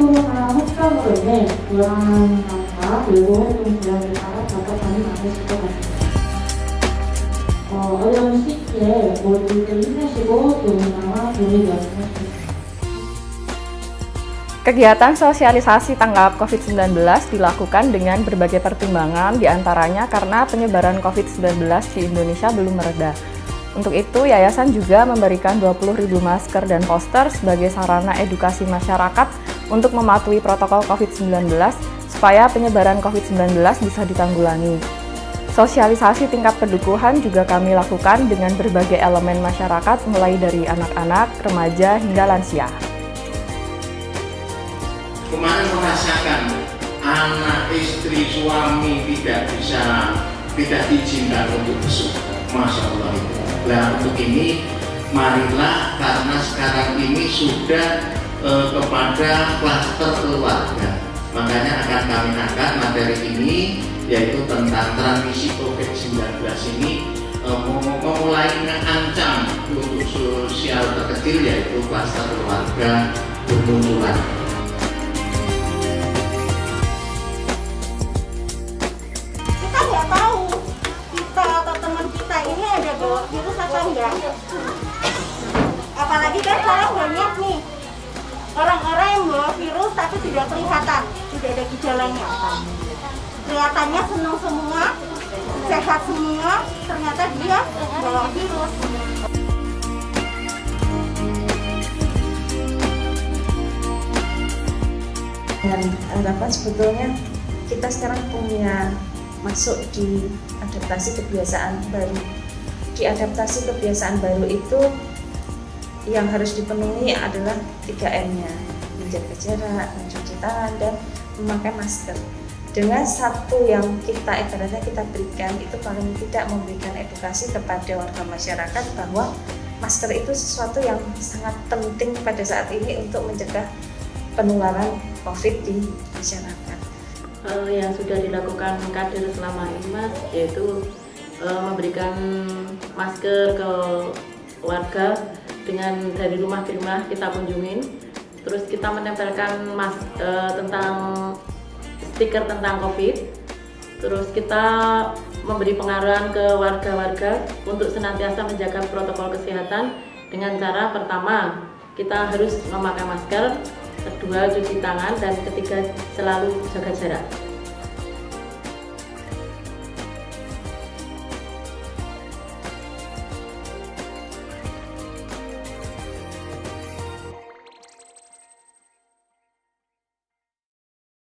Kegiatan sosialisasi tanggap COVID-19 dilakukan dengan berbagai pertimbangan diantaranya karena penyebaran COVID-19 di Indonesia belum mereda. Untuk itu, yayasan juga memberikan 20.000 masker dan poster sebagai sarana edukasi masyarakat untuk mematuhi protokol COVID-19 supaya penyebaran COVID-19 bisa ditanggulangi. Sosialisasi tingkat pendukuhan juga kami lakukan dengan berbagai elemen masyarakat mulai dari anak-anak, remaja, hingga lansia. Kemarin merasakan anak, istri, suami tidak bisa, tidak diizinkan untuk besok. Masya Allah itu. Nah untuk ini marilah karena sekarang ini sudah eh, kepada klaster keluarga. Makanya akan kami angkat materi ini yaitu tentang transmisi COVID-19 ini e, memulai mengancam untuk sosial terkecil yaitu klaster keluarga bermunculan. Kita nggak tahu kita atau teman kita ini ada bawa virus apa enggak. Apalagi kan sekarang banyak nih orang-orang yang bawa virus tapi tidak kelihatan, tidak ada gejalanya. Kelihatannya senang semua, sehat semua, ternyata dia bawa virus. Dengan anggapan sebetulnya kita sekarang punya masuk di adaptasi kebiasaan baru. Di adaptasi kebiasaan baru itu yang harus dipenuhi adalah 3M-nya menjaga jarak, mencuci tangan, dan memakai masker dengan satu yang kita ibaratnya kita berikan itu paling tidak memberikan edukasi kepada warga masyarakat bahwa masker itu sesuatu yang sangat penting pada saat ini untuk mencegah penularan COVID di masyarakat. Eh, yang sudah dilakukan kader selama ini mas yaitu eh, memberikan masker ke warga dengan dari rumah ke rumah kita kunjungin terus kita menempelkan mas e, tentang stiker tentang covid terus kita memberi pengarahan ke warga-warga untuk senantiasa menjaga protokol kesehatan dengan cara pertama kita harus memakai masker kedua cuci tangan dan ketiga selalu jaga jarak